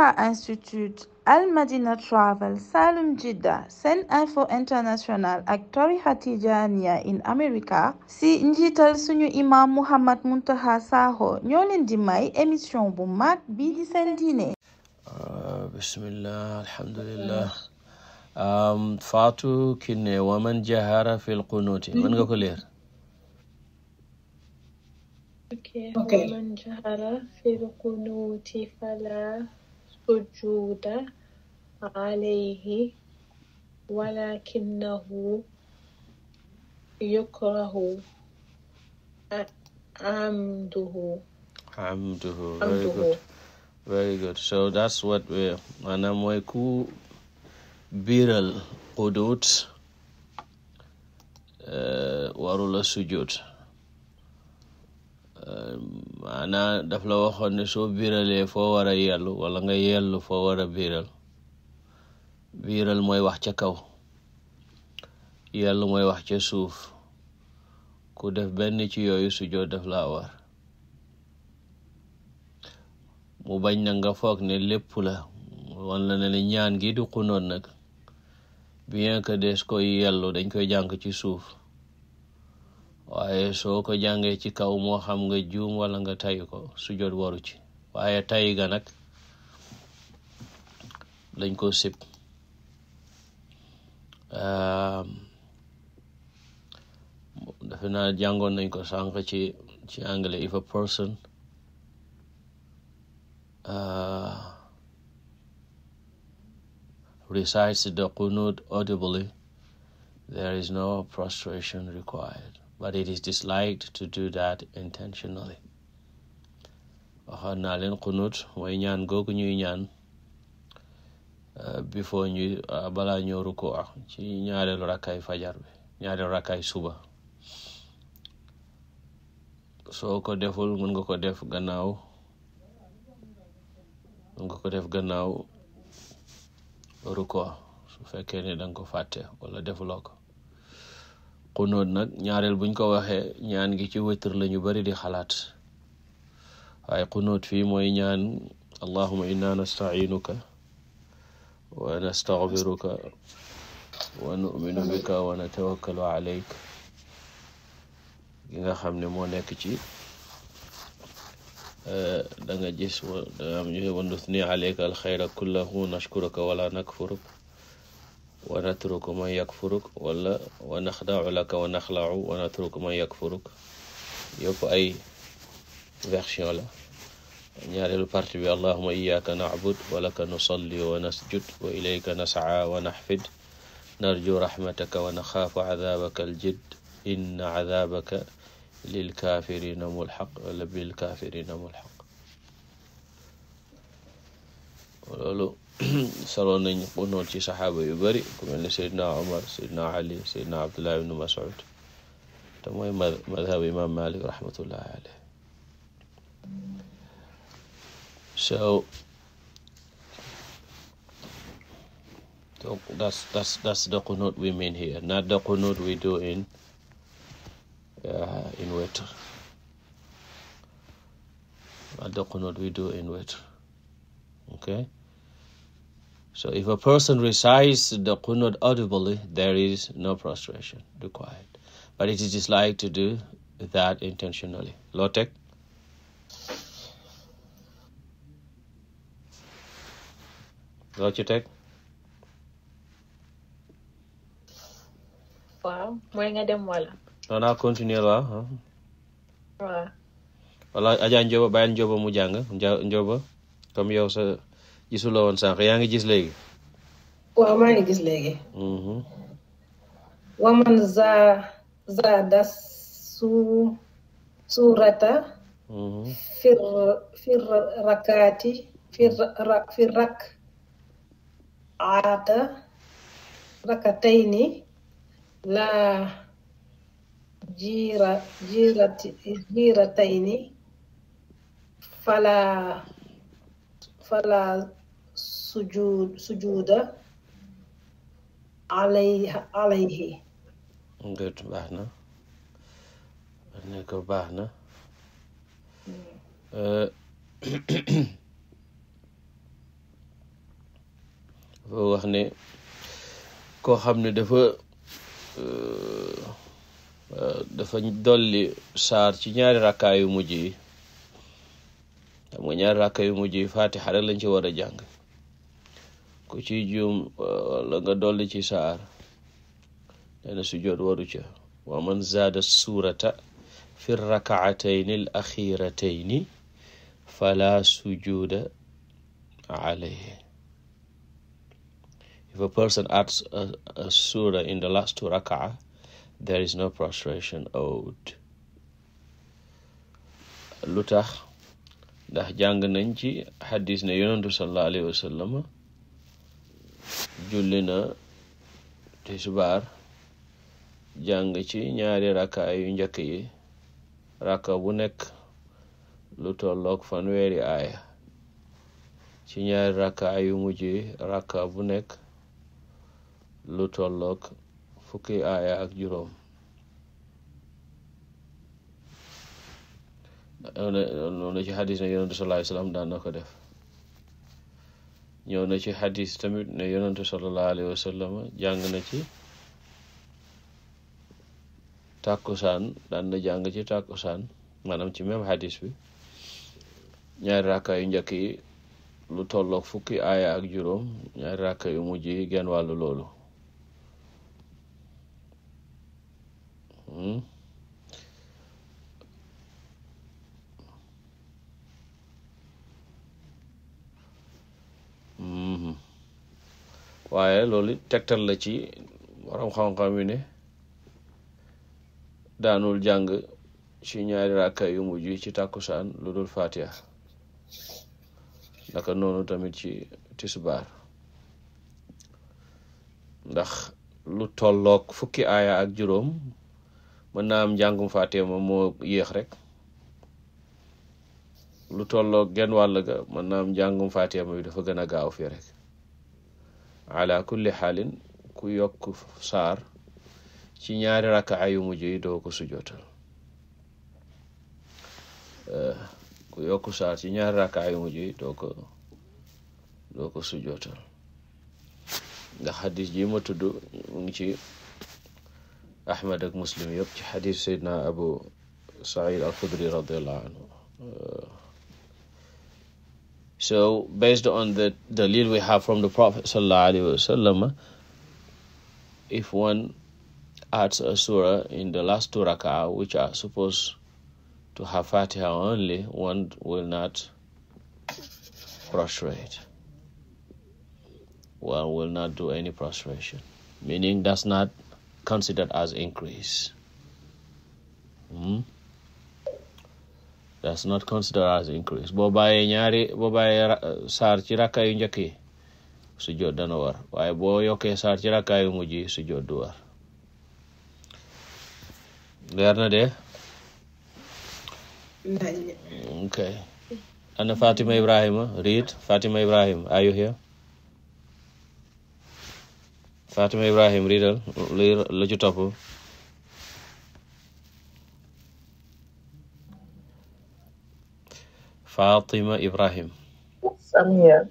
Alpha Institute Al Madina Travel Salum Jidda SeneInfo International ak tarixa Tijaaniya in America si njiital suñu imam Muhammad Muntaqa Sakho ñoo di may émission bu mag bii di seen diine ah, bismillah alhamdulillah Fatou Kiné wa man jahara fi lqunuuti mën nga ko leer sujuuda alayhi walakinahu yukrahu amduhu. Very good. So that's what we maanaam mooy ku biiral qudut eh, warula sujud Ehm, maanaa daf la waxoon ne soo biiralee foo war a yellu walla nga yellu foo war a biiral biiral mooy wax ca kaw yellu mooy wax ca suuf ku def benn ci yooyu sujjoot daf la war mu bañ na nga foog ne lépp la wan la ne ñaan gi du xunoon nag bi que des koy yellu dañ koy jàng ci suuf waaye soo ko jàngee ci kaw moo xam nga juum walla nga tayi ko sujjoot waru ci waaye tayi ga nag dañ ko sib defe naa jàngoon nañ ko sànq ci ci anglais if a person uh, recites the Qunut audibly there is no prostration required but it is disliked to do that intentionally waxoon naa leen xunut mooy ñaan googu ñuy ñaan euh, before ñu euh, balaa ñoo rukkoo ah, ci ñaareelu rakkaay fajar bi ñaareelu rakkaay suba soo ko deful mën nga ko def gannaaw mën nga ko def gannaaw rukkoo su fekkee ne danga ko fàtte walla defuloo ko xunóot nag ñaareel buñ ko waxe ñaan gi ci wëtër la ñu bari di xalaat waaye xunóot fii mooy ñaan allahuma inna nastainuka wa nastagfiruka wa numinu bika wa natawakkalu aleyk gi nga xam ne moo nekk ci eh, da nga gis da am ñu wa nuthni aleyka alxayra kullahu wala nakfuruk wa natruku man yakfuruk wala wa naxdau laka wa naxlau wa natruku man yakfuruk yëpp ay version la ñaareelu partie bi allahuma iyaka nacbud wa laka nusalli wa nasjud wa ilayka nascaa wa naxfid narju raxmataka wa naxaafu cadaabaka aljidd inna cadaabaka lilkaafirina mulxaq wala bilkaafirina mulxaq loolu soloo nañ xunoot ci saxaaba yu bari ku mel ne Seydina Omar Seydina Ali Seydina Abdullah ibnu Mas'ud te mooy Malik rahmatullahi alayh so So that's do in uh, So if a person recites the Qunut audibly, there is no prostration required. But it is disliked to do that intentionally. Lotek. Lotek. waaw mooy dem wala. wala Adja Njoba bàyyi Njoba mu jàng Njoba comme yow sa. gisu la yaa ngi gis léegi. waaw maa ngi gis léegi. Mhm. waman za zaada su surata. Mhm. fir fir rakaati fir rak aata rakatayni laa jiira jiirati jiiratayni fala sujud sujuda alay alayhi good baax na ne ko baax na mm. euh, wax ne koo xam ne dafa euh, euh, dafa dolli saar ci ñaari rakkaa yu mujj yi xam ñaari rakkaa yu mujj yi fatiha rek lañ ci war a jàng ku ci juum wala eh, nga dolli ci saar nee na waru ca wa man zaada suurata fi rakaatayni al axiratayni fala sujuda if a person adds a, a surah last two raka'ah there is no prostration owed lu tax ndax jàng nañ ci xadis ne yonentu sallallahu julli na tisbaar jàng ci ñaari rakka yu njëkk yi rakka bu nekk lu tollook fanweeri aaya ci ñaari rakka yu mujj yi rakka bu nekk lu tollook fukki aaya ak juróom noonu ci xadis na yonente sallallahu alayhi wasallam daan na ko def ñëw na ci xadis tamit ne yonentu sallallahu alayhi wa sallam jàng na ci tàkkusaan daan na jàng ci tàkkusaan maanaam ci même xadis bi ñaari rakka yu njëkk yi lu tolloog fukki aaya ak juróom ñaari rakka yu mujj yi genn wàllu loolu hmm? waaye loolu tegtal la ci waram xam-xam yi ne daanul jàng ci ñaari rakka yu mujj ci tàkkusaan lu dul fatiha naka noonu tamit ci tisbaar ndax lu tolloog fukki aaya ak juróom mën naa am njàngum fatiha moo yéex rek lu tolloog genn wàll ga mën na am njàngum fatiha ma bi dafa gën a gaaw fii rek ala kulli xaalin ku yokk saar ci ñaari rakaa yu mujj yi doo ko sujootal eh, ku yokk saar ci ñaari rakaa yu mujj yi doo ko doo ko sujootal ndax xadis ji ma tudd mu ngi ci Ahmad ak Muslim yëpp ci xadis Seydina Abu Saïd al-Xudri radiyallahu anhu eh, so based on the dalil we have from the prophet sallallahu alaihi wasallam if one adds a surah in the last two rak'ah which are supposed to have fatiha only one will not prostrate one will not do any prostration meaning that's not considered as increase hmm? that's not considered as increase boo ñaari boo saar ci rakka yu njëkk yi sujjoot dana war waaye boo yokkee saar ci rakka yu sujjoot du war leer na de ana Fatima Ibrahima read Fatima Ibrahim are Fatima Ibrahim readal li Fatima Ibrahim Samia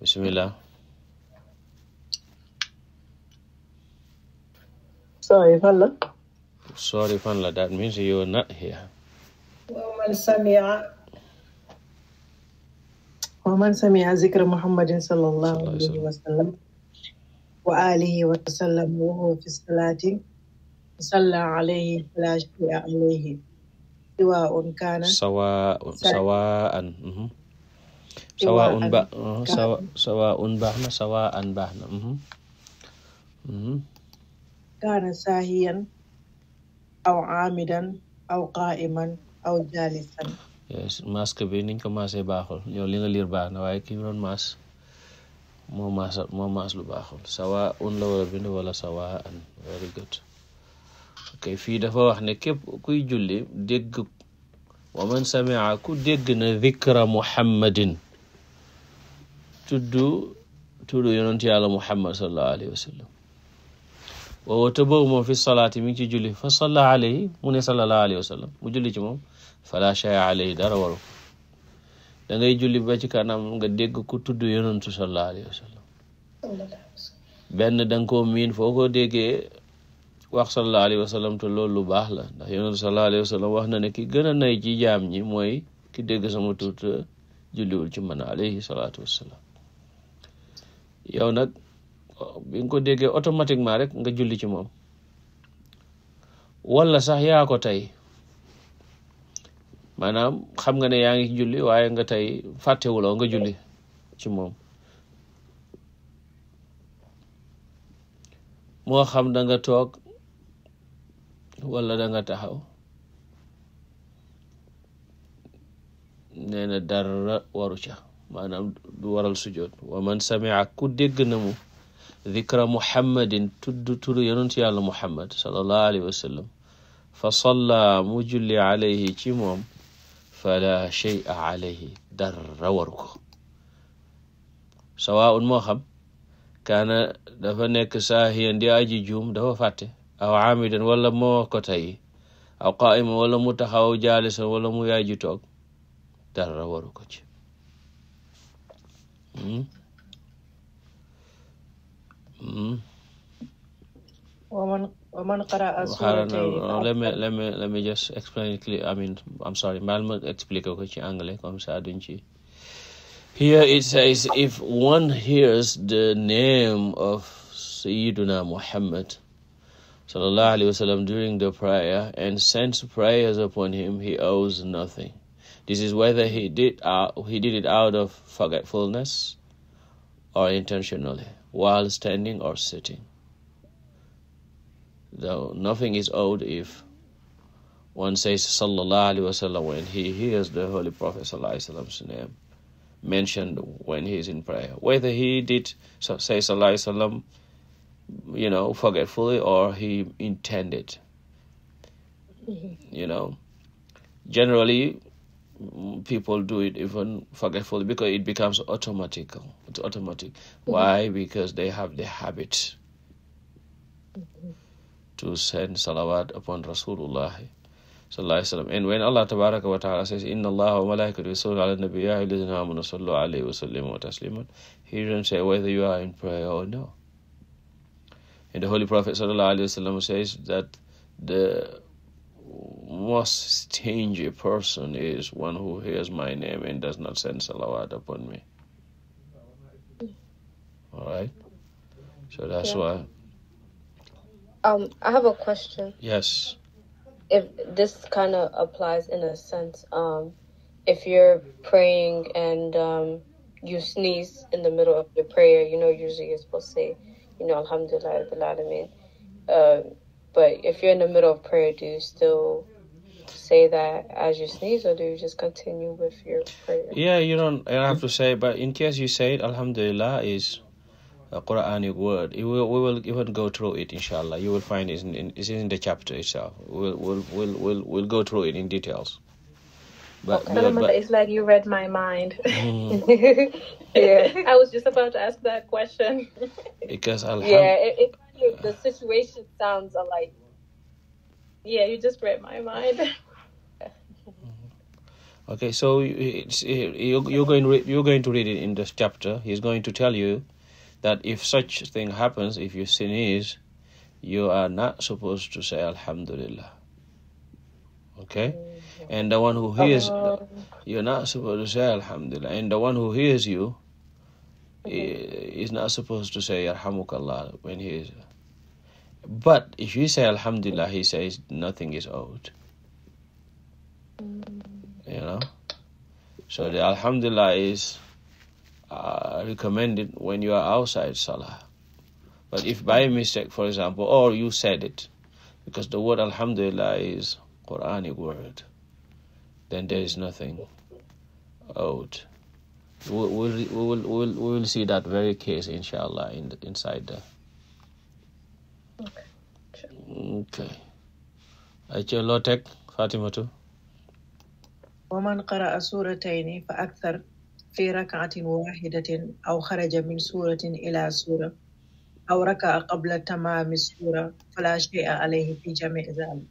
bismillah sorry fan la sorry fan la that means you're not here waman samia waman samia zikra muhammadin sallallahu alayhi wa sallam wa alihi wa sallam wa huwa fi salati salla alayhi la shay'a alayhi sawa'un kana sawa'un sawa'an sawa'un mhm. ba sawa'un baax na sawa sawa'an baax na mhm. mhm. kaana saahiyan aw aamidan aw qaa'iman aw jaalisan yes masque bi niñ commencé baaxul yow li nga liir baax na waaye ki doon maas moo maas moo maas lu baaxul sawa'un la wala bind wala very good kay fii dafa wax ne képp kuy julli dégg wa man samia ku dégg na dikra muhammadin tudd tudd yonent yàlla muhammad sallallahu alayhi wa sallam woowa fi salaati mi ngi ci julli fa salla alayhi mu ne sallallahu julli ci moom fala shaya alayhi dara waru dangay ngay julli ba ci kanam nga dégg ku tudd yonentu sallallahu alayhi wa sallam benn da nga koo miin foo ko déggee wax sallallahu alayhi te loolu lu baax la ndax yonent sallallahu alayhi wa wax na ne ki gëna a nay ci jaam ñi mooy ki dégg sama tur te julliwul ci man alayhi salaatu wassalaam yow nag bi nga ko déggee automatiquement rek nga julli ci moom wala sax yaa ko tey maanaam xam nga ne yaa ngi julli waaye nga tey fàttewuloo nga julli ci moom moo xam da toog wala danga taxaw nee na dara waru ca maanaam du waral sujjoot wa man samia ku dégg na mu dikra muhammadin tudd turu yonent yàlla muhammad sallallahu alayhi wa fa salla mu julli ci moom fala shay'a alayhi dara waru ko sawaun moo xam kaana dafa nekk saahiyan di aji juum dafa fàtte aw amidan wala moo wax ko tey aw qaiman wala mu taxaw jaalisan wala mu yaay ji toog dara waru ko ci let me let me just explain it clear I mean I'm sorry mal ma expliquer ko ci anglais comme ça duñ ci Here it says if one hears the name of Sayyiduna Muhammad sallallahu alayhi wasallam during the prayer and sends prayers upon him, he owes nothing. This is whether he did uh, he did it out of forgetfulness or intentionally, while standing or sitting. Though nothing is owed if one says sallallahu alayhi wasallam when he hears the Holy Prophet sallallahu alayhi wasallam's name mentioned when he is in prayer. Whether he did say sallallahu alayhi wasallam you know, forgetfully or he intended. Mm-hmm. You know, generally mm, people do it even forgetfully because it becomes automatic. It's automatic. Mm-hmm. Why? Because they have the habit mm-hmm. to send salawat upon Rasulullah sallallahu alaihi wasallam. And when Allah tabaraka wa ta'ala says, Inna Allah wa malaikatu yusalluna ala nabiyya alladhina amanu sallu alayhi wa sallimu taslima, he doesn't say whether you are in prayer or no. And the Holy Prophet وسلم, says that the most stingy person is one who hears my name and does not send salawat upon me. All right. So that's yeah. why. Um, I have a question. Yes. If this kind of applies in a sense, um, if you're praying and um, you sneeze in the middle of your prayer, you know, usually you're supposed to say you know, alhamdulillah, alamin. Um, but if you're in the middle of prayer, do you still say that as you sneeze or do you just continue with your prayer? Yeah, you don't I have to say, but in case you say it, alhamdulillah is a Quranic word. It will, we will even go through it, inshallah. You will find it in, in, it's in the chapter itself. We'll, we'll, we'll, we'll, we'll go through it in details. But, but, but, it's like you read my mind. Mm. yeah, I was just about to ask that question. because I'll yeah, it, it, the situation sounds alike. Yeah, you just read my mind. Mm-hmm. okay, so it's, you're, you're going re- you're going to read it in this chapter. He's going to tell you that if such thing happens, if you sin is, you are not supposed to say Alhamdulillah. Okay. Mm and the one who hears uh, you're not supposed to say alhamdulillah and the one who hears you okay. Eh, is not supposed to say yarhamukallah when he is but if you say alhamdulillah he says nothing is owed mm. you know so the alhamdulillah is uh, recommended when you are outside salah but if by mistake for example or you said it because the word alhamdulillah is Quranic word then there is nothing owed. We will we'll, we will we will we will see that very case inshallah in the, inside the. Okay. ayca loo teg Fatimatu. wa man qara'a suuratayni fa akthar fi rak'atin waahidatin aw xaraja min suuratin ila suura aw raka'a qabla tamaami suura falaa shay'a alayhi fi jami'i dhalik.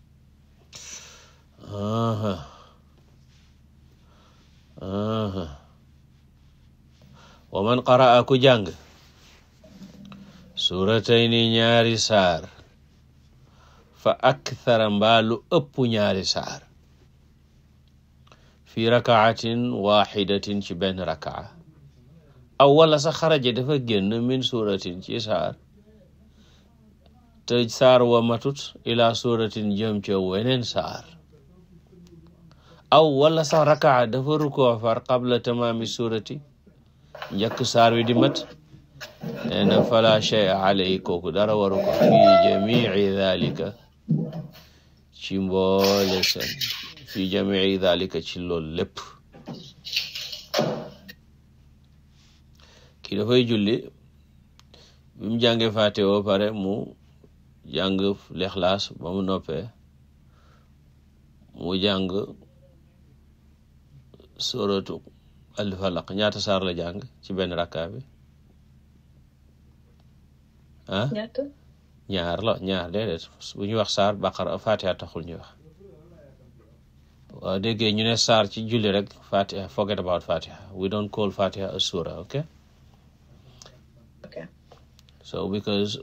wa man qaraa ku jàng suuratayni ñaari saar fa akthara mbaa ëpp ñaari saar fi rakaatin waxidatin ci benn rakaa aw wala sa xaraje dafa génn min suuratin ci saar te saar wa matut ila suuratin jëm ca weneen saar aw wala sax rakaa dafa rukoo far qabla tamaami suurati njëkk saar wi mat nee na fala shay kooku dara waru ko jamii dalika ci mboole seen fi jamii dalika ci loolu lépp ki dafay julli bi mu jàngee faate woo pare mu jàng lexlaas ba mu mu jàng suratu al falaq ñaata saar la jàng ci benn rakkaa bi ah? ñaar la ñaar déedéet bu ñuy wax saar baqara fatiha taxul ñuy wax waaw déggee ñu ne saar ci julli rek fatiha forget about fatiha we don't call fatiha a sura okay so because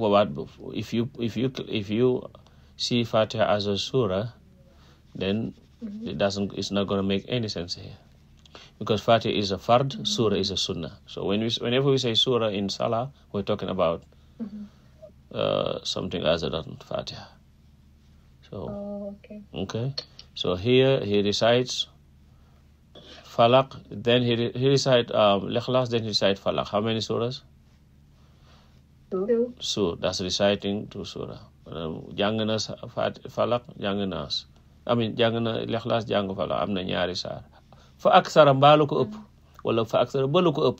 what if you see fatiha as a sura then It doesn't. It's is a fard, mm is a sunnah. whenever we say surah in salah, we're talking about mm-hmm. uh, something other than Fatiha. So oh, okay. So here he recites Falaq, then he re he um, How many surahs? Two. that's reciting two surah. jàng um, na amin jàng na lexlaas jàng fa am na ñaari saar fa aksara mbaalu ko ëpp wala fa aksara balu ko ëpp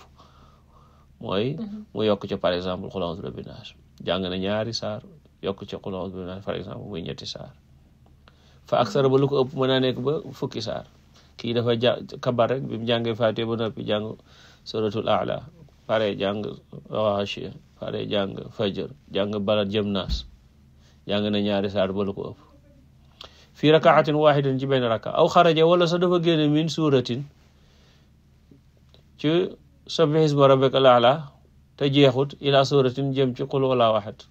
mooy mhm. mu yokk ci par exemple xul a'uuzu bi rabbin naas jàng na ñaari saar yokk ci xul a'uuzu bi rabbin par exemple muy ñetti saar fa aksara mhm. balu ko ëpp mën naa ba fukki saar kii dafa ja kabar rek bi mu ba noppi jàng suratul a'la pare jàng Gaasiya pare jàng fajar jàng balad jëm naas jàng na ñaari saar balu ko ëpp fii rakaatin waaxidatin ci benn raka aw xaraja wala sa dafa génne min suuratin ci sabbih isma rabbikal a'la te jeexut ila suuratin jëm ci qul wala waxat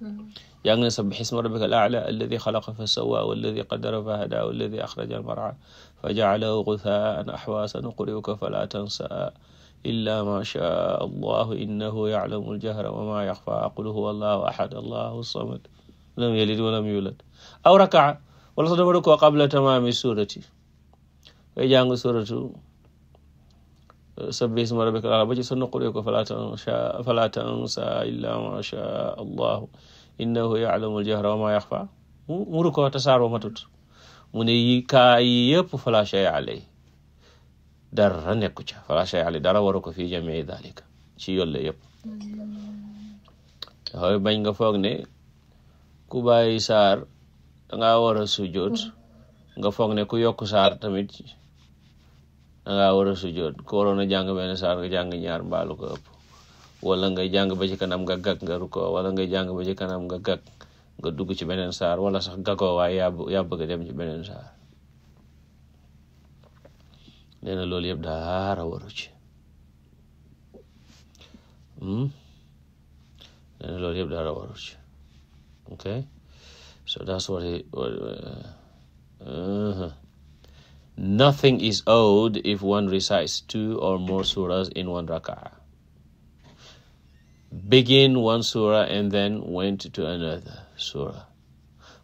mm-hmm. yaa ngi ne sabbih isma rabbikal a'la alladi xalaqa fa sawwa walladi qaddara fa hada walladi axraja al mar'a fa ja'alahu guthaan ahwa sanuqri'uka fala tansa illa ma shaa allahu innahu ya'lamu al jahra wa ma yaxfa qul huwa allahu ahad allahu samad lam yalid walam yulad aw rakaa wala sax dafa rukkoo qabla tamaami suurati ngay jàng suuratu sabbih isma rabbika al-a'laa ba ci sa nuquree ko falaa tansaa illaa maa shaa allahu innahu ya'lamu al-jahra wa maa yaxfaa mu rukkoo te saar ba matut mu ne yi kaa yi yëpp falaa shay alay dara nekku ca falaa shay alay dara waru ko fii jamii dalika ci yolle yëpp bañ nga foog ne ku bàyyi saar danga war a sujjoot nga foog ne ku yokk saar tamit danga war a sujjoot ku waroon a jàng benn saar nga jàng ñaar mbaalu ko ëpp wala ngay jàng ba ci kanam nga gàkk nga wala ngay jàng ba ci kanam nga gàkk nga dugg ci beneen saar wala sax gàkkoo waaye yaa bëgg dem ci beneen saar nee na loolu yëpp daara waru ci hmm? nee na loolu yëpp daara waru ci Okay, so that's what it. Uh, uh, nothing is owed if one recites two or more surahs in one rak'ah. Begin one surah and then went to another surah.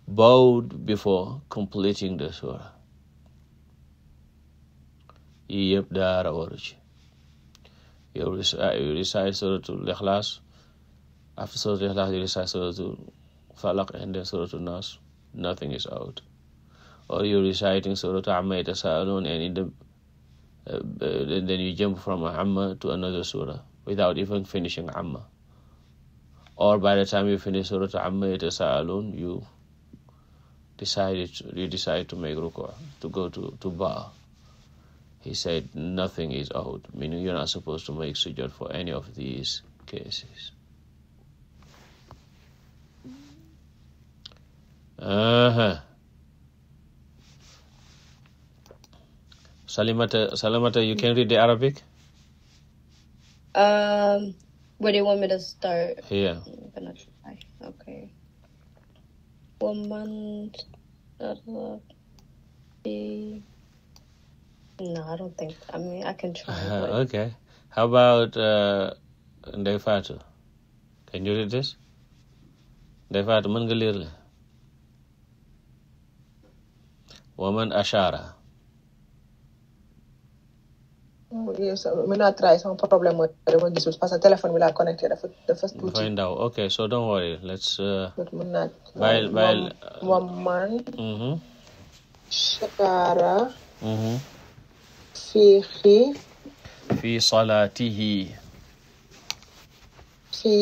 Bowed before completing the surah. yii yëpp dara waru ci yow recite suratul ikhlas after suratul ikhlas you recite suratul Falaq and then Surah Nas, nothing is out. Or you're reciting Surah Amma Yatasaalun and in the uh, uh then you jump from Amma to another surah without even finishing Amma. Or by the time you finish Surah Amma Yatasaalun, you decided you decide to make ruku' to go to to Ba'a. He said nothing is out, meaning you're not supposed to make sujood for any of these cases. Salimata, Salimata, you can read the Arabic? Um, where do want to start? Yeah. Okay. Woman, no, I don't think. I mean, I can try. But... okay. How about uh, Ndeye Can you read this? Ndeye Fatou, mën nga wa man ashaara oh, mën naa try sama problème mooy dama parce que téléphone bi laa connecté dafa dafa tuuti ok so don't worry let's mën naa bàyyil bàyyil moom fi salaatihi fi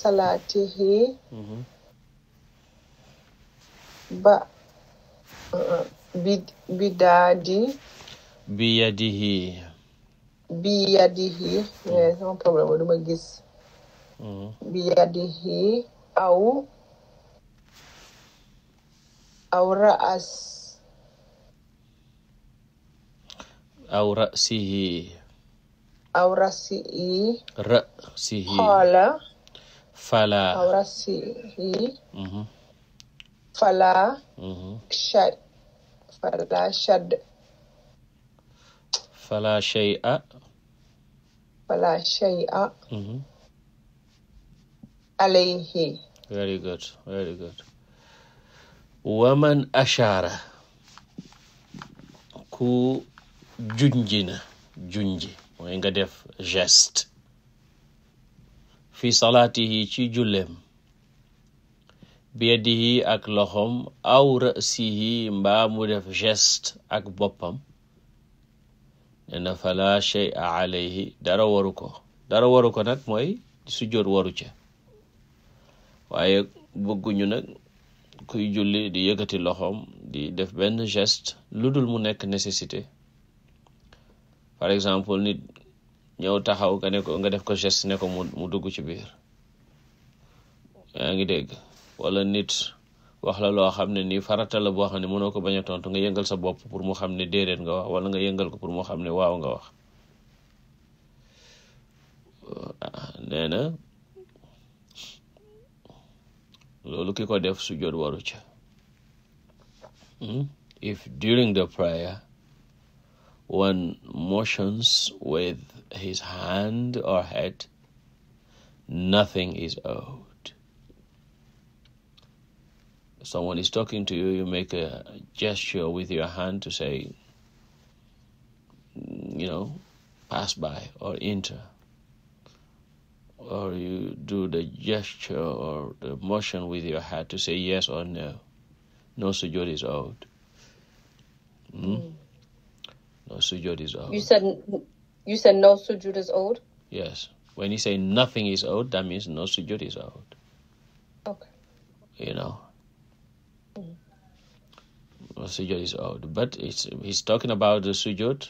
salaatihi mm-hmm. ba uh, uh. Bidadi. Biyadihi. Biyadihi. gis. Mm-hmm. Biyadihi aw. aw raas. aw rasihi. aw rasihi. rasihi. xoola. fala. aw rasihi. fala. Mm-hmm. Mm-hmm. shay. fala chadd fala chey a fala mhm. chey very good very good waman ashaara ku junji na junji mooy def geste fi salaatihi ci julleem biyadihi ak loxom aw rasihi mbaa mu def geste ak boppam ne na fala shay alayhi dara waru ko dara waru ko nag mooy sujjóot waru ca waaye bëgguñu nag kuy julli di yëkkati loxoom di def benn gest lu dul mu nekk nécessité par exemple nit ñëw taxaw nga ne nga def ko geste ne ko mu dugg ci biir yaa ngi dégg wala nit wax la loo xam ne ni farata la boo xam ne mënoo ko bañ a tontu nga yëngal sa bopp pour mu xam ne déedéet nga wax wala nga yëngal ko pour mu xam ne waaw nga wax nee loolu ki ko def sujjóot waru ca hmm? if during the prayer one motions with his hand or head nothing is owed someone is talking to you, you make a gesture with your hand to say, mm, pass by or enter. Or you do the gesture or the motion with your hand to say yes or no. No sujood is owed. Hmm? Hmm. No sujood is owed. Yes. When you say nothing is owed, that means no sujood is owed. well, sujud is odd, but it's, he's talking about the sujud.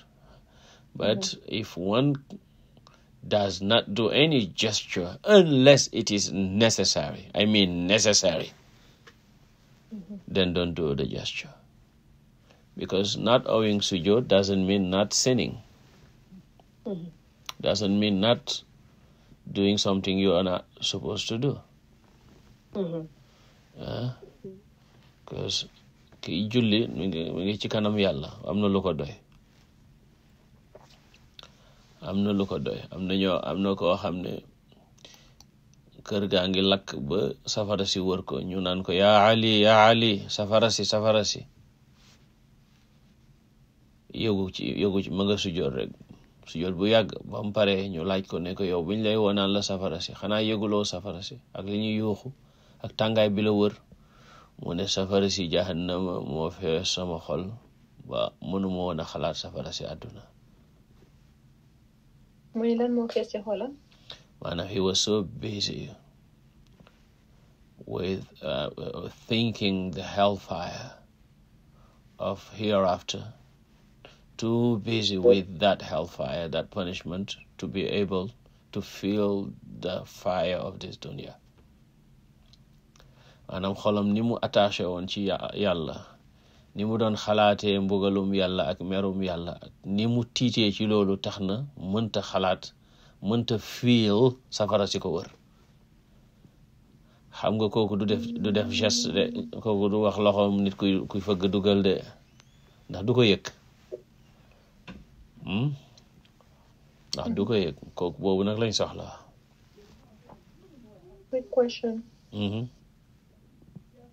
But mm-hmm. if one does not do any gesture unless it is necessary, I mean necessary, mm-hmm. then don't do the gesture. Because not owing sujud doesn't mean not sinning, mm-hmm. doesn't mean not doing something you are not supposed to do. Mm-hmm. Uh, mm-hmm. because kiy julli mi ngi mi ngi ci kanam yàlla am na lu ko doy am na lu ko doy am na ñoo am na koo xam ne kër gaa ngi lakk ba safara si wër ko ñu naan ko yaa ali yaa ali safara si safara si yëgu ci yëgu ci ma nga sujjoor rek sujjoor bu yàgg ba mu pare ñu laaj ko nekk ko yow bu ñu lay woo la safara si xanaa yëguloo safara si ak li yuuxu ak tàngaay bi wër mu ne safara jahannama moo fees sama ba mënuma woon xalaat safara si àdduna mu ne lan moo fees si xolam he was so busy with uh, thinking the hellfire of hereafter too busy with that hellfire that punishment to be able to feel the fire of this dunya maanaam xolam ni mu attaché woon ci yàlla ni mu doon xalaatee mbugalum yàlla ak merum yàlla ak ni mu tiitee ci loolu tax na mënta xalaat mënta fiil safara si ko wër xam nga kooku du def du de kooku du wax loxoom nit kuy fëgg dugal de ndax du ko yëg hmm? ndax du ko yëg kooku boobu nag lañ soxla.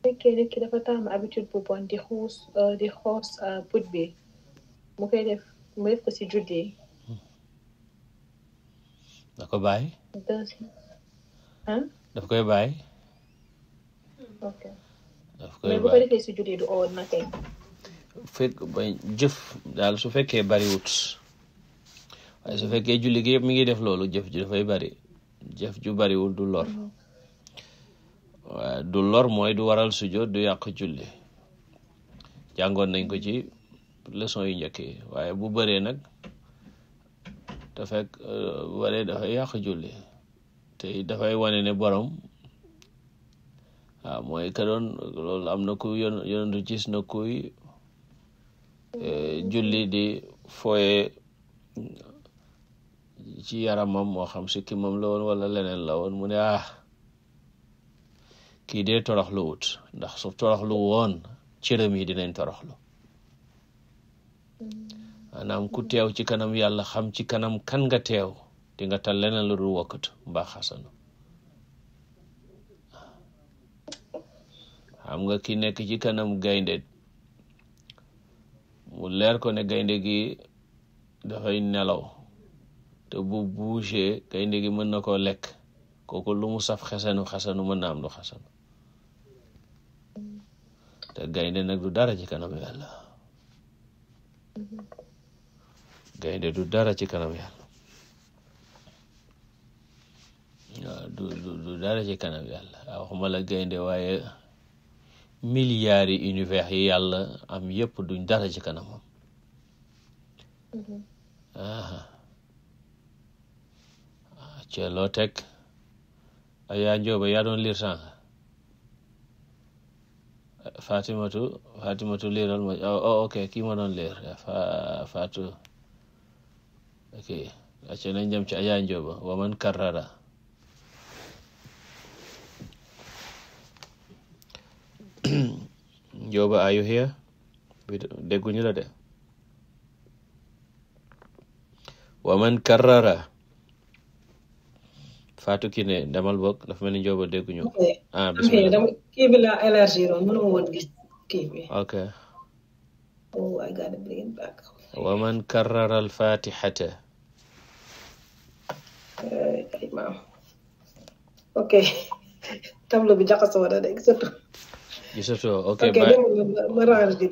fekkee nit dafa taamu habitude bu bon di xuus euh, di xoos euh, put bi mu koy def mu def ko si juddi da ko bàyyi daf koy bàyyi daf ko defee si juddi du oo na tey fekk jëf daal su fekkee bariwut waaye su fekkee julli gi yëpp mi ngi def loolu jëf ji dafay bari jëf ju bariwul du lor mhm. du lor mooy du waral sujjóot du yàq julli jàngoon nañ ko ci leçon yu njëkk waaye bu bëree nag te fekk euh, bu bëree dafay yàq julli te dafay wane ne borom waaw mooy ka loolu am na ku yon yonentu gis na kuy euh, julli di fooye ci yaramam moo xam sikki moom la woon wala leneen la woon mu ne ah kii dee toroxlu wut ndax su toroxlu woon cëram yi dinañ toroxlu maanaam ku teew ci kanam yàlla xam ci kanam kan nga teew di nga tal leneen lu dul wokkatu mbaa xasanu xam nga ki nekk ci kanam gaynde mu leer ko ne gaynde gi dafay nelaw te bu gaynde gi mën na koo lekk kooku lu mu saf xasanu xasanu mën na am lu xasanu te gaynde nag du dara ci kanam yàlla gaynde du dara ci kanam yàlla waaw du du du dara ci gaynde waaye milliards yi univers yi yàlla am yëpp duñ dara ci kanam aha ah, ce loo teg ayaa njooba yaa doon liir fatimatu fatimatu liiral ma oh, oh ok kii ma leer faatu ok acca nañ jëm ci ajaa njóoba wa man karrara njóoba ayu hiya bi dégguñu la de wa man karrara Fatou Kiné demal bokk dafa mel ni Njóoba dégguñu. ah bi laa élargir woon mënuma woon gis ok. oh I eh, bi jaxasoo na de gisatoo. gisatoo ok ok ma raadu di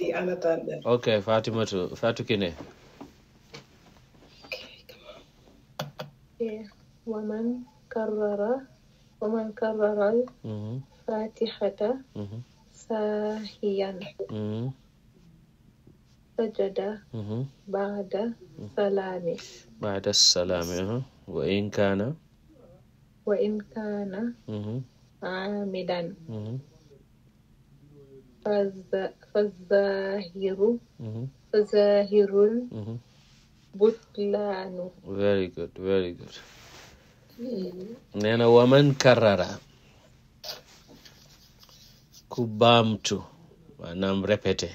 karrara waman karraral mm-hmm. fatihata mm-hmm. sahiyan mm-hmm. sajada baada salaami baada salaami wa in kaana wa in kaana aamidan fazahiru very good nee na karara ku baamtu maanaam répété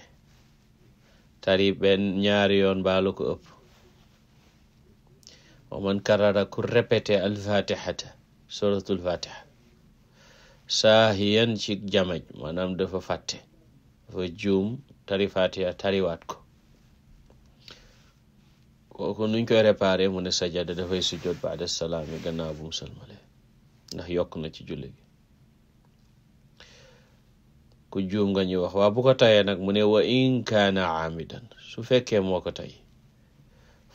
tari benn ñaari yoon baalu ko ëpp waman karara ku répété alfatihata suratul fatiha saahiyan ci jamaj maanaam dafa fàtte dafa juum tari fatiha tariwaat ko kooku nuñ ko réparé mu ne sajada dafay sujjoot baada salaam yi gannaaw bu mu ndax yokk na ci julli ku juum nga ñuy wax waa bu ko tayee nag mu ne wa in kaana aamidan su fekkee moo ko tay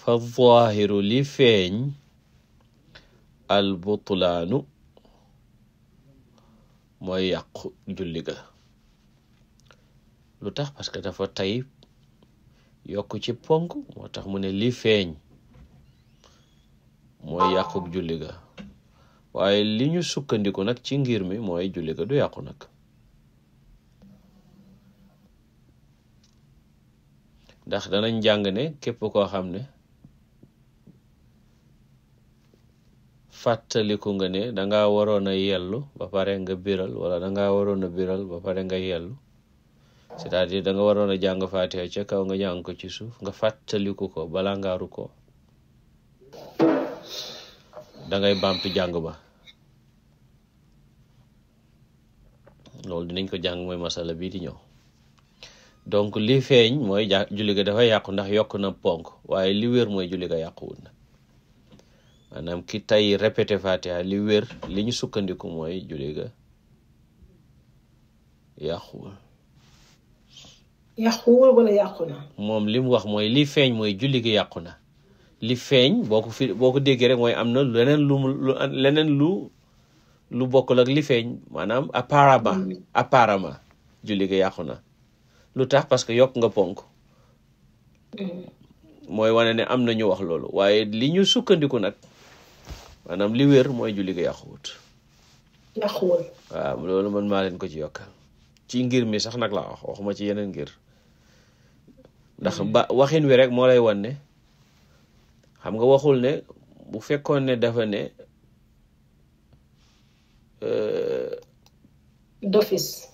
fa zaahiru li feeñ al butlaanu mooy yàqu julli ga lu tax parce que dafa tay yokk ci ponk moo tax mu ne lii feeñ mooy yàquk julli ga waaye li ñu sukkandiku nag ci ngir mi mooy julli ga du yàqu nag ndax danañ jàng ne képp koo xam ne fàttaliku nga ne danga waroon a yellu ba pare nga biral wala danga waroon a biral ba pare nga yellu c'est-à-dire da nga waroon a jàng fatiha ca kaw nga jàng ko ci suuf nga fàttaliku ko balaa ngaaru ko dangay ngay bàmp jàng ba loolu dinañ ko jàng mooy masala bii di ñëw donc li feeñ mooy ja julli dafa yàqu ndax yokk na ponk waaye li wér mooy julli ga yàquwul maanaam ki tey répété fatiha li wér liñ sukkandiku mooy julli yàqu yàquwul wala yàqu na. moom li wax mooy li feeñ mooy julli gi yàqu na li feeñ boo ko fi boo ko déggee rek mooy am na leneen lu lu leneen lu lu bokkul ak li feeñ maanaam apparemment mm. apparemment julli gi yàqu na lu tax parce que yokk nga ponk. Mm. mooy wane ne am na ñu wax loolu waaye li ñu sukkandiku nag maanaam li wér mooy julli gi yàquwut. waaw loolu man maa leen ko ci yokkal. ci ngir mi sax nag la wax waxuma ci yeneen ngir. ndax mm-hmm. ba waxin wi rek moo lay wanne xam nga waxul ne bu fekkoon ne dafa ne. Euh, d'office.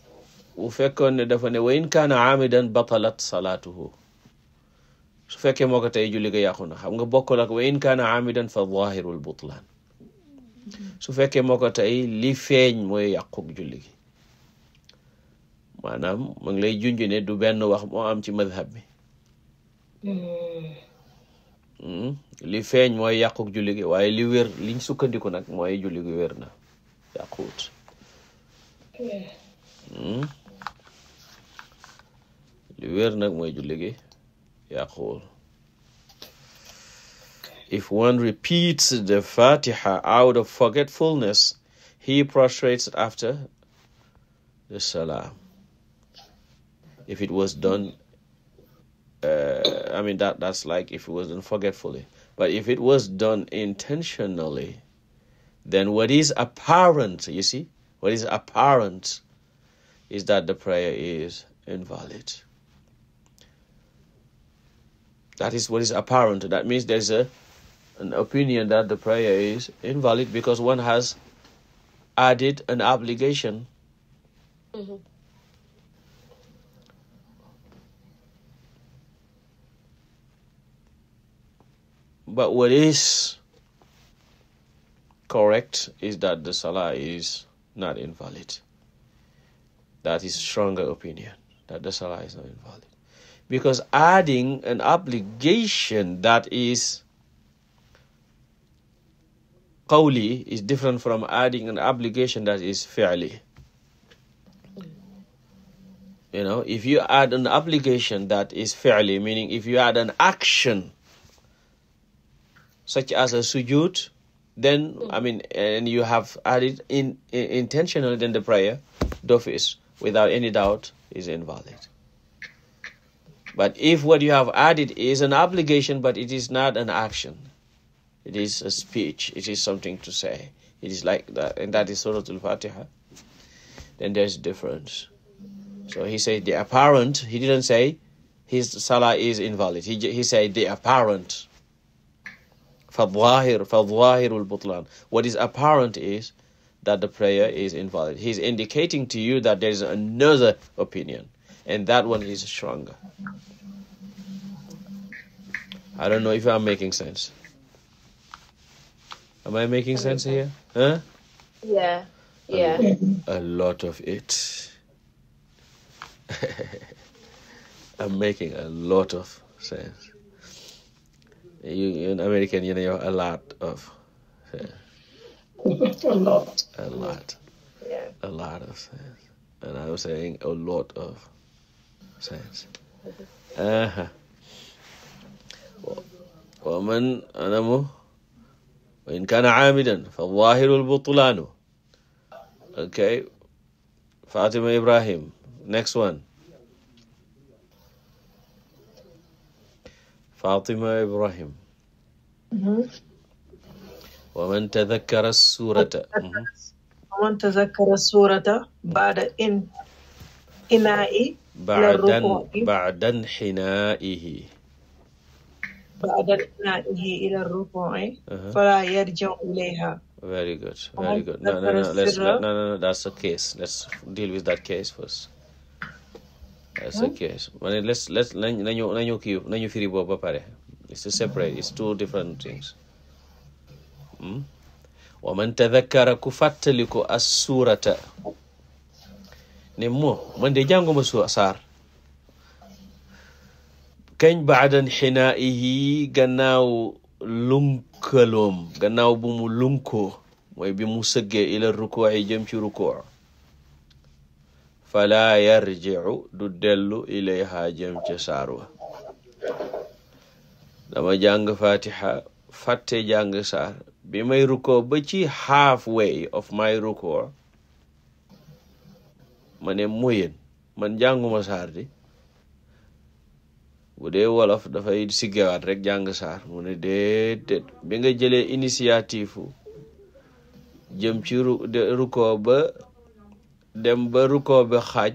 bu fekkoon ne dafa ne wa in kaana aamidan batalat salaatuhu su fekkee moo ko tey julli ga yàqu na xam nga bokkul ak wa in kaana aamidan fa zaahirul butlaan mm-hmm. su fekkee moo ko tey li feeñ mooy yàquk julli gi maanaam mu lay junj ne du benn wax moo am ci madhab bi Hmm. li feeñ mooy yàquk julli gi waaye li wér liñ sukkandiku nag mooy julli gi wér na yàquwut hmm. li wér nag mooy julli gi yàquwul if one repeats the fatiha out of forgetfulness he prostrates after the salam if it was done uh, I mean that that's like if it was done forgetfully. But if it was done intentionally, then what is apparent, you see, what is apparent is that the prayer is invalid. That is what is apparent. That means there's a an opinion that the prayer is invalid because one has added an obligation. Mm-hmm. But what is correct is that the salah is not invalid. That is stronger opinion that the salah is not invalid. Because adding an obligation that is qawli is different from adding an obligation that is fi'li. You know, if you add an obligation that is fi'li, meaning if you add an action such as a sujood then mm. I mean and you have added in, in intentionally then the prayer dof is without any doubt is invalid but if what you have added is an obligation but it is not an action it is a speech it is something to say it is like that and that is Surah Al-Fatiha then there's a difference so he said the apparent he didn't say his salah is invalid he, he said the apparent فَظَاهِرُ فَظَاهِرُ الْبُطْلَانِ What is apparent is that the prayer is invalid. He's indicating to you that there is another opinion, and that one is stronger. I don't know if I'm making sense. Am I making sense here? Huh? Yeah. Yeah. A, a lot of it. I'm making a lot of sense. yéen américain yi dañuy wax a lot of. a lot. a lot. Yeah. a lot of sense. and I'm saying a lot of sense. aha wa man anamu wa in kana aamidan fa zahiru lbutlaanu okay Fatima Ibrahim next one Fatima Ibrahim wa man tadakkara suurata wa man tadakkara suurata baada in inaa'i ba'dan ba'dan hinaa'ihi ba'dan hinaa'ihi ila rukuu'i fala yarji'u ilayha very good very good no no no let's no no no that's the case let's deal with that case first secures ma ne nañu firi boobu ba pare it's a separate it's two different things wa man tadakkara ku fàttaliku as suurata ne moo man de jànguma su saar kañ baadan xinaa'ihi gannaaw lunkaloom gannaaw bu mu lunkoo mooy bi mu sëggee ila rukuuci jëm ci yar yarji'u du dellu ilayha jëm ca saar wa dama jàng fatiha fàtte jàng saar bi may rukkoo ba ci halfway of my rukkoo ma ne muyen jànguma saar di bu dee wolof dafay siggewaat rek jàng saar mu ne déedéet bi nga jëlee initiative jëm ci rukkoo dem ba rukoo ba xaaj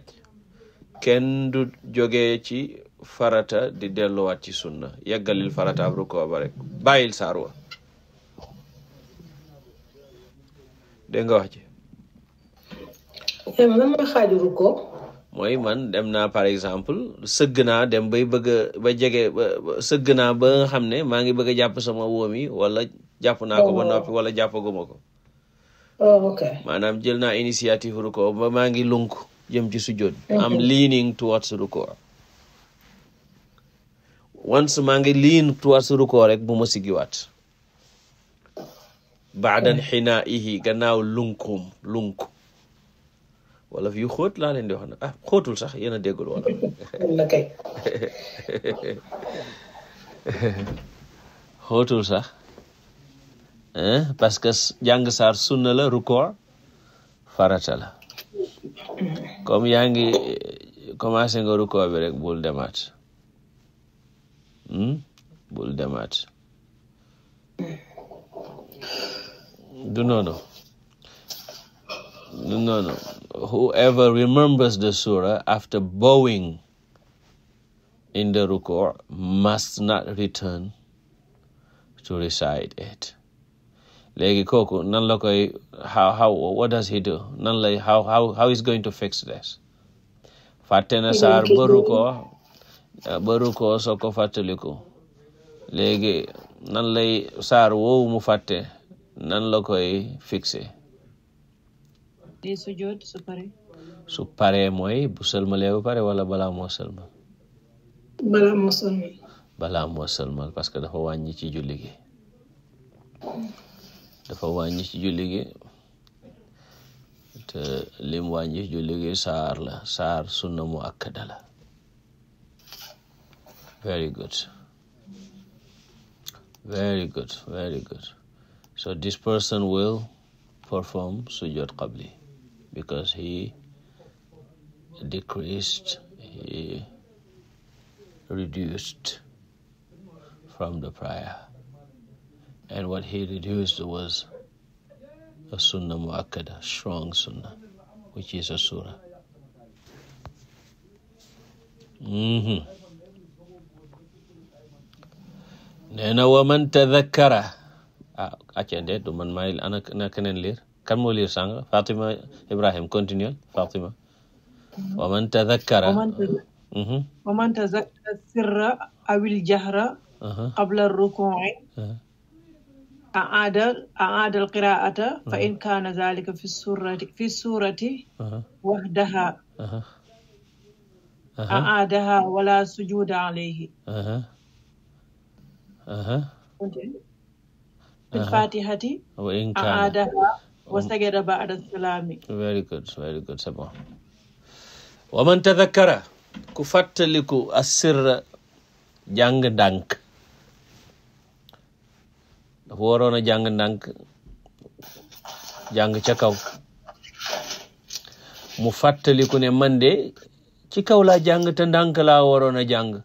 kenn du jógee ci farata di delluwaat ci sunna yeggalil farata ab rukoo ba rek bàyyil saar wa dégg nga wax ci lan mooy xaaju mooy man dem naa par exemple sëgg naa dem bay bëgg ba jege ba sëgg ba nga xam ne maa ngi bëgg a jàpp sama wóom yi wala jàpp naa ko ba oh. noppi wala jàppaguma ko Oh, maanaam jël naa initiative ruko maa ngi lunk jëm ci sujjoot bi am leaning towards ruko once maa ngi lean towards ruko rek bu ma sigiwaat baadan xinaa ihi gannaaw lunkum lunk wala fi yu xóot laa leen di wax nag ah, sax yéen a déggul wala xóotul sax Eh? parce que jàng saar sunna la rukoor farata la comme yaa ngi eh, commencé nga rukoor bi rek bul hmm? du noonu du whoever remembers the surah after bowing in the rukoor must not return to recite it léegi kooku nan la koy how what does he do nan lay how how how is going to fix this fàtte na saar ba ko eh, ba rukoo soo ko fàttaliku léegi nan lay saar woowu mu fàtte nan la koy fixé su paree mooy bu pare wala balaa moo sëlmal balaa moo sëlmal balaa parce que dafa wàññi ci julli gi dafa wàññi ci te lim wàññi ci saar la saar sunna mu akkada very good very good very good so this person will perform sujud qabli because he decreased he reduced from the prior And what he reduced was a sunnah muakkada, strong sunnah, which is a surah. Mm-hmm. nee na wa man tadakkara ah accende du man maay ana Fatima Ibrahim continue Fatima wa man tadakkara wa man tadakkara mm-hmm. sirra awil jahra uh-huh. qabla أعاد أعاد القراءة فإن كان ذلك في السورة في السورة وحدها أعادها ولا سجود عليه في الفاتحة وإن كان أعادها وسجد بعد السلام very good very good c'est bon wa man tadhakkara ku fàttaliku assirra jàng ndànk dafa waroona a jàng ndànk jàng ca kaw mu fàttaliku ne man de ci kaw laa jàng te ndànk laa waroon jàng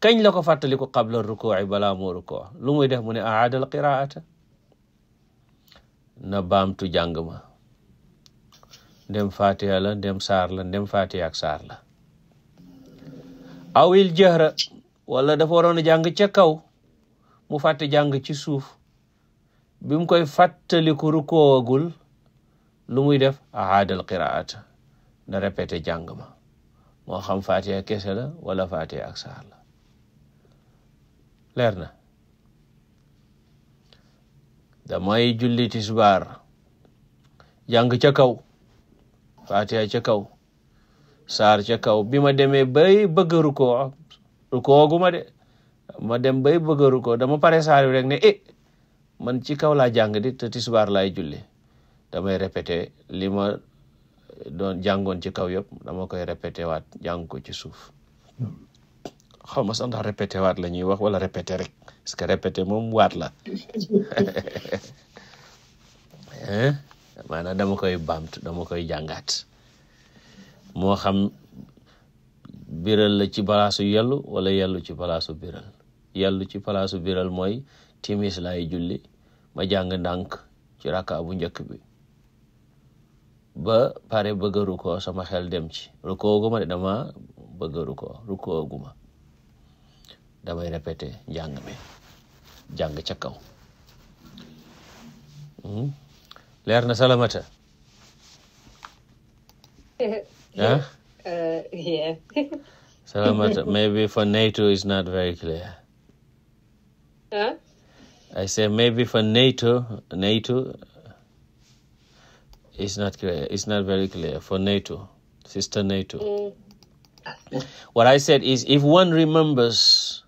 kañ la ko fàttaliku qabla rukuuci balaa moo rukoo lu muy def mu ne aada al na baamtu jàng ma ndem fatiha la ndem saar la ndem fatiha ak saar la awil jahra wala dafa waroon a jàng ca kaw mu fàtte jàng ci suuf bi mu koy fàttaliku rukoowagul lu muy def aadal qiraata na répété jàng ma moo xam fatiha kese la walla fatiha ak saar la leer na damay julli tisbaar jàng ca kaw fatiha ca kaw saar ca kaw bi ma demee bay bëgg rukoo rukooguma de ma dem bay bëggaru ko dama pare saar rek ne eh man ci kaw laa jàng di te tisbaar laay julle damay répété li ma doon jàngoon ci kaw yëpp dama koy répété waat jàng ko ci suuf xaw ma sax ndax waat la ñuy wax wala répété rek parce que répété moom waat la maanaam dama koy baamtu dama koy jàngaat moo xam biral la ci balaasu yellu wala yellu ci balaasu biral yàllu ci palaasu biral mooy timis laay julli ma jàng ndànk ci rakka bu njëkk bi ba pare bëgg a xel dem ci rukkoo gu ma de dama bëgg a jàng ca kaw hmm? leer na salamata maybe for NATO is not very clear huh? I say maybe for NATO, NATO is not clear. It's not very clear for NATO, sister NATO. Mm. What I said is if one remembers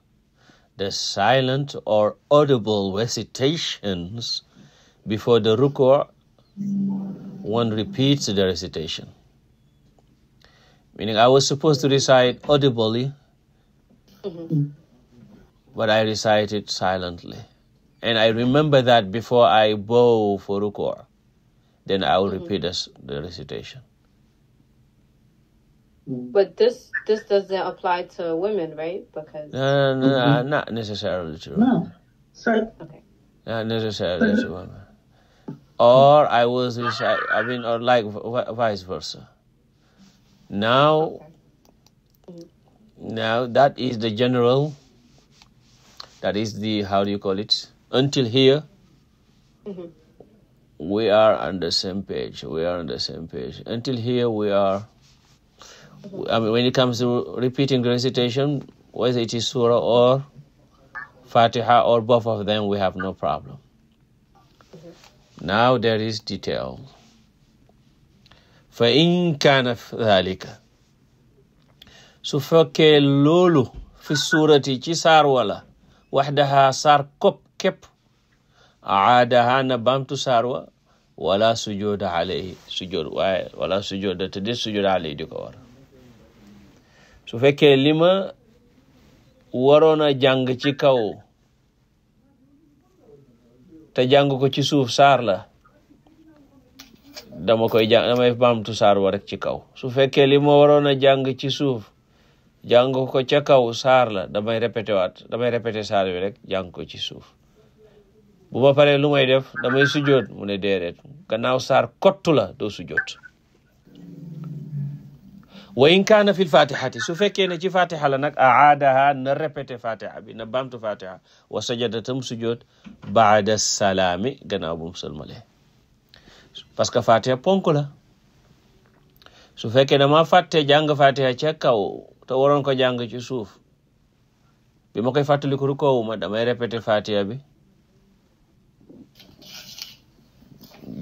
the silent or audible recitations before the ruku', one repeats the recitation. Meaning I was supposed to recite audibly. Mm-hmm. Mm. but I recited silently. And I remember that before I bow for ruku', then I will mm-hmm. repeat this, the recitation. But this this doesn't apply to women, right? Because no, no, no, mm-hmm. uh, not necessarily to women. No, sorry. Okay. Not necessarily to women. Or I was recite. I mean, or like vice versa. Now, okay. mm-hmm. now that is the general that is the how do you call it until here mm-hmm. we are on the same page we are on the same page when it comes to repeating recitation whether it is surah or Fatiha or both of them we have no problem mm-hmm. now there is detail fa in kana dhalika su fekkee loolu fi surati ci wala waxdahaa saar kopp képp aadahaa na baamtu saar wa wala sujooda alayhi sujood waaye wala sujooda te de sujooda alayhi di ko war su fekkee li ma waroon a jàng ci kaw te jàng ko ci suuf saar la dama koy jàng damay baamtu saar wa rek ci kaw su fekkee li ma waroon a jàng ci suuf jàng ko ca kaw saar la damay répété waat damay répété saar bi rek ko ci suuf bu ma paree lu may def damay sujjoot mu ne déedéet gannaaw saar kottu la doo sujjoot wa in kaana fil fatihati su fekkee ne ci fatiha la nag aadaha na répété fatiha bi na bamtu fatiha sujjoot baada salaami gannaaw bu mu parce que fatiha ponk la su fekkee ne ma fàtte jàng fatiha ca kaw te waroon ko jàng ci suuf bi ma koy fàttaliku rukoowuma damay répété fatiha bi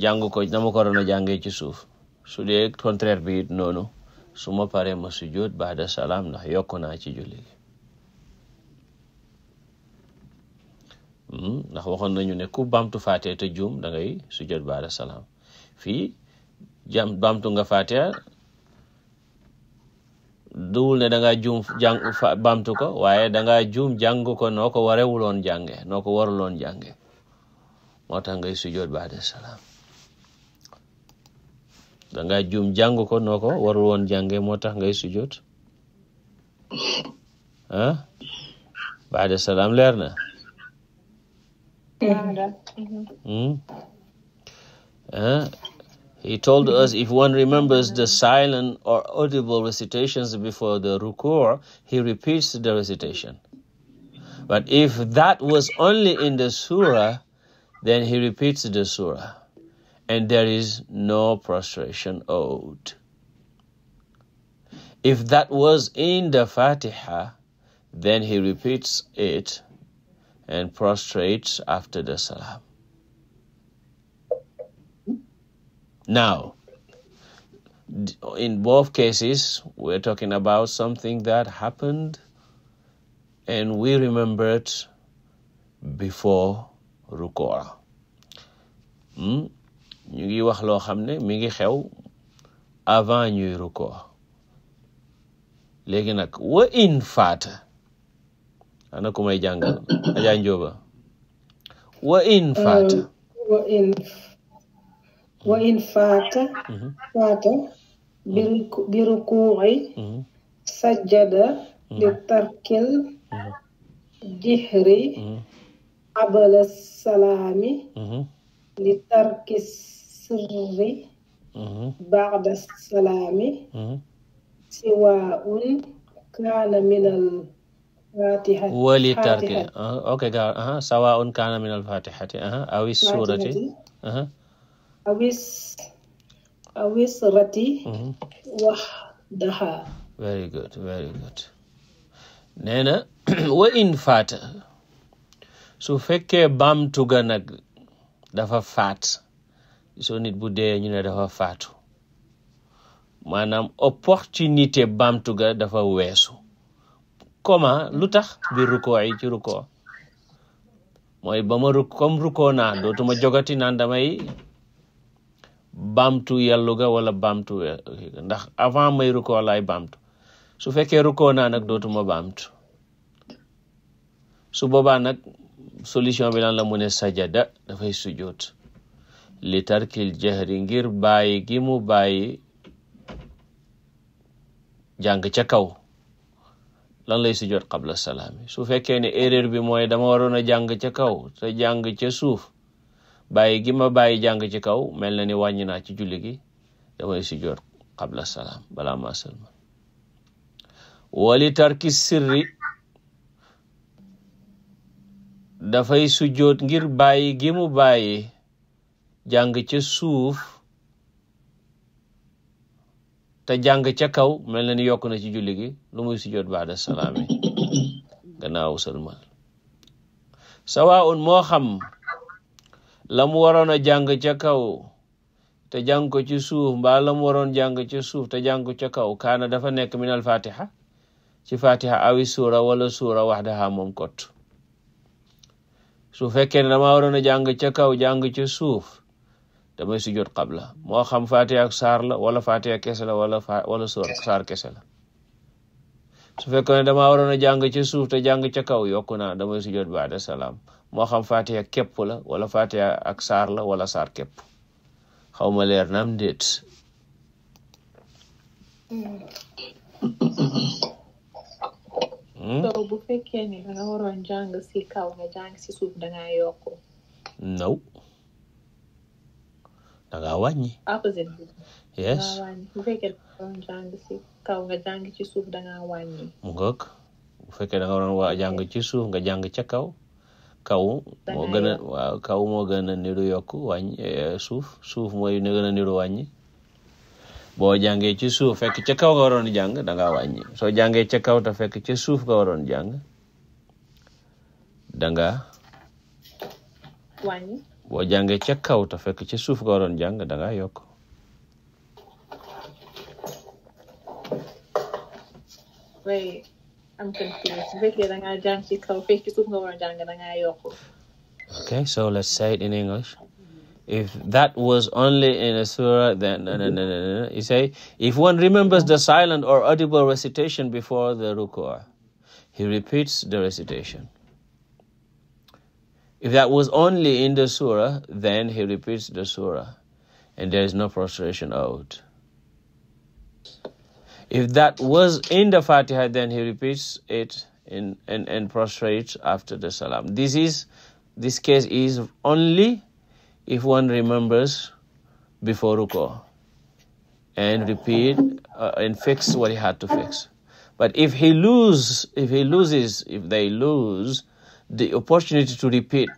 jàng ko dama ko waroon a jàngee ci suuf su dee contraire bi it noonu su ma paree ma sujjóot baada salaam ndax yokk naa ci julli hmm, ndax waxoon na ñu ne ku bamtu fatiha te juum da ngay sujjóot baada salaam fii jam bamtu nga fatiha duwul ne da ngaa juum jàng ko waaye da ngaa juum jàng ko noo ko warewuloon jànge noo ko waruloon jànge moo tax ngay sujood baada salaam da juum jàng ko noo ko waruloon jànge moo tax ngay sujood ah baada salaam leer na ah He told us mm-hmm. if one remembers the silent or audible recitations before the ruku', he repeats the recitation. But if that was only in the surah, then he repeats the surah, and there is no prostration owed. If that was in the Fatiha, then he repeats it and prostrates after the salam. Now, in both cases, we're talking about something that happened and we remembered before rukoa hmm? ñu ngi wax loo xam ne mi ngi xew avant ñuy rukoa léegi nag wa in faata ana ku may jàngal Adja Njóoba wa in faata uh, wa in faata mhm. faata mhm. mhm. bi rukuuci qabla salaami li tarki sirri bacda salaami siwaaun kaana minal faatihati wali tarki ah, ok ga sawaun kaana minal faatihati awis rati mm-hmm. wax daxaa very good very good nee na wa in faata su fekkee baamtu nag dafa faat soo nit bu dee ñu ne dafa faatu maanaam opportunité baamtu ga dafa weesu comment lu tax bi rukkoo yi ci rukkoo mooy ba ma comme rukkoo naa dootuma jogati naan damay baamtu yàllu wala baamtu ndax avant may rukkoo laay baamtu su fekkee ruko naa nag dootuma baamtu su boobaa nag solution bi lan la mu ne sajada dafay sujjoot li tarkil jahri ngir bàyyi gi mu bàyyi jàng ca kaw lan lay sujjoot qabla salaami su fekkee ne erreur bi mooy dama waroon a jàng ca kaw te jàng ca suuf bàyyi gi ma bàyyi jàng ci kaw mel na ni wàññi naa ci julli gi damay sujjoot tarki sirri dafay sujjoot ngir bàyyi gi mu bàyyi jàng ca suuf te jàng ca kaw mel na ni yokk na ci julli gi lu muy sujjoot baada salaam yi gannaaw salmal sawaun moo xam la mu waroon a jàng ca kaw te jàng ko ci suuf mbaa la mu waroon jàng ca suuf te jàng ko ca kaw kaana dafa nekk min al fatiha ci fatiha awi suura wala suura waxdaha moom kot su fekkee ne dama waroon a jàng ca kaw jàng ca suuf damay sujjóot qabla moo xam fatiha ak saar la wala fatiha kese la wala wala suura saar kese la su fekkee ne dama waroon a jàng ca suuf te jàng ca kaw yokku naa damay sujjóot baada salaam moo xam fatiha képp la wala fatiha ak saar la wala saar képp xaw ma leer naam déet hmm? soo bu fekkee ne nga waroon jàng ci suuf dangaa wàññi mu ngëkk bu fekkee da nga waroon waa jàng ci suuf nga jàng ca kaw kaw moo gën a kaw moo gën a niru yokk wàññ eh, suuf suuf mooy ne gën a niru wàññi boo jàngee ci suuf fekk ca kaw nga waroon jàng danga ngaa soo jàngee ca kaw te fekk ca suuf nga waroon jàng danga boo jàngee ca kaw fekk ca suuf nga waroon jàng da yokk am confidence su fekkee da ngaa jàng ci kaw fekk ci suuf nga war a jàng da ngaa yokk. Okay, so let's say it in English. If that was only in a surah, then no, no, no, no, no. You say, if one remembers the silent or audible recitation before the ruku'ah, he repeats the recitation. If that was only in the surah, then he repeats the surah, and there is no prostration out. If that was in the Fatiha, then he repeats it in, and, and prostrates after the salam. This is this case is only if one remembers before ruku and repeat uh, and fix what he had to fix. But if he lose, if he loses, if they lose the opportunity to repeat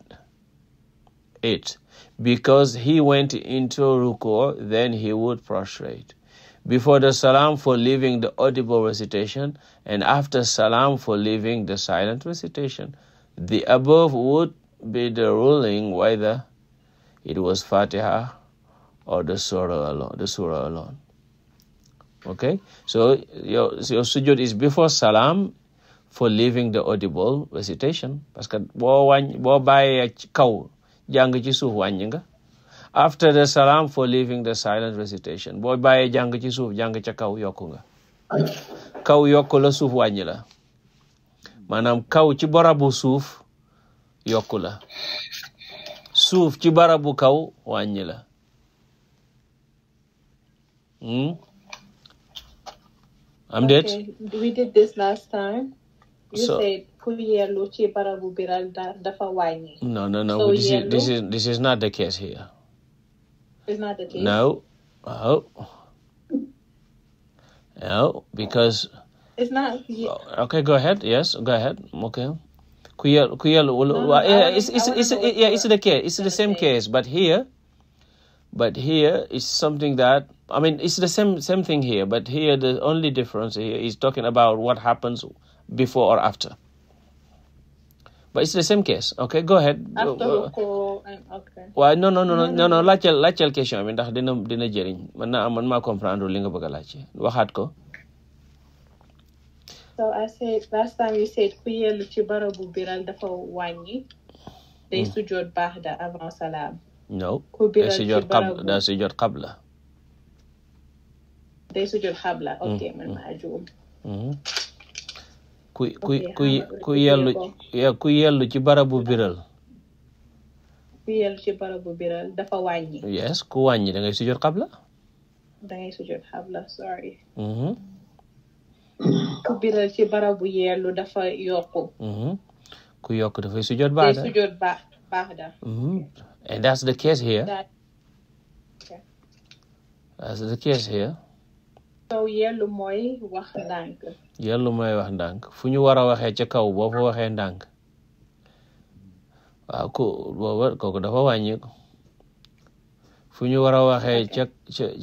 it, because he went into ruku, then he would prostrate. before the salam for leaving the audible recitation, and after the silent recitation. The above would be the ruling whether it was Fatiha or the surah alone, the so your, your is before salam for leaving the audible recitation parce que boo wàññ boo bàyyee ci kaw ci suuf wàññi nga after the salam for leaving the silent recitation boo bàyyee jàng ci suuf jàng ca kaw yokku nga kaw yokku suuf wàññi la maanaam kaw ci barabu suuf yokkula suuf ci barabu kaw wàññi la hmm? am déet this is not the case here It's not the teeth. No. Oh. No, because. It's not. Yeah. Oh, okay, go ahead. Yes, go ahead. Okay. Kuyel, kuyel, no, yeah, it's, it's, it's, it's yeah, it's the case. It's the same case, but here, but here it's something that I mean, it's the same same thing here. But here, the only difference here is talking about what happens before or after. But it's the same case. Okay, go ahead. After uh, uh, waaw non non non non non laajteel question bi ndax dina dina jëriñ man naa am man maa comprendre li nga bëgg a laajte waxaat ko. ku yellu ci barabu biral dafa wàññi. day hmm. sujjoot baax da ci barabu day sujjoot qabla day sujjoot qabla. Hmm. ok ku ku ku yellu ci barabu biral. biyal ci barabu biral dafa wàññi. yes ku wàññi da sujjoot xabla. da sujjoot xabla sorry. Mm-hmm. ku biral ci barabu yeelu dafa yokku. Mm-hmm. ku yokk dafay sujjoot baax da day sujjoot baax baax that's the case here. that's the case here. kaw yellu mooy wax ndànk. yellu mooy wax ndànk fu ñu war a waxee ca kaw boo waxee ndànk. waaw ku booba kooku dafa wàññiku fu ñu war a waxee ca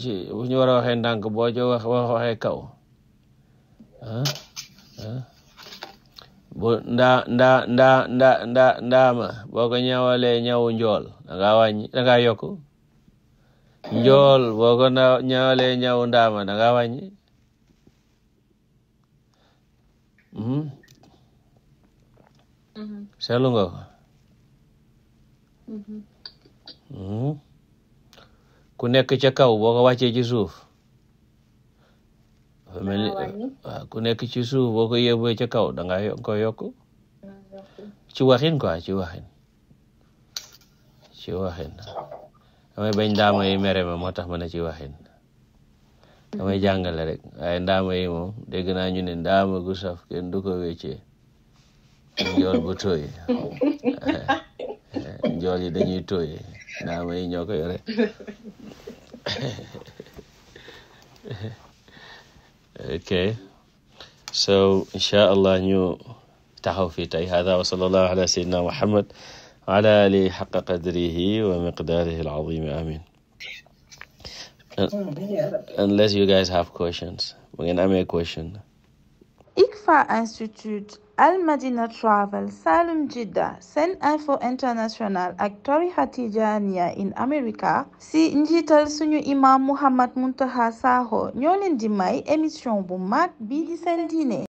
ci fu ñu war waxee ndànk boo ca waxee kaw ah bu ndaa ndaa ndaa ndaa ndaa ndaama boo ko njool da nga wàññi da nga yokk njool boo ko ñawalee ñawu ndaama da nga wàññi seetlu Hmm? ku nekk ca kaw boo ko wàccee ci suuf mel ku nekk ci suuf boo ko yóbboo ca kaw da ko yokk ci waxin ko ci waxin ci waxin bañ ndaama yi mere moo tax ma ne ci waxin damay jàngale rek waaye ndaama yi moom dégg naa ñu ne ndaama gu saf kenn du ko wéccee bu tooy njool yi dañuy tooye naa may ñoo ko yore ok so insha allah ñu taxaw fii tey hada wa sallallahu ala sayyidina muhammad wa ala alihi xaqa qadrihi wa miqdarihi al-azim amin unless you guys have questions bu ngeen amee question ICFA Institute Al Madina Travel Salum Jidda SeneInfo International ak tarixa Tijaaniya in America si njiital suñu imam Muhammad Muntaqa Sakho ñoo leen di may émission bu mag bi di seen diine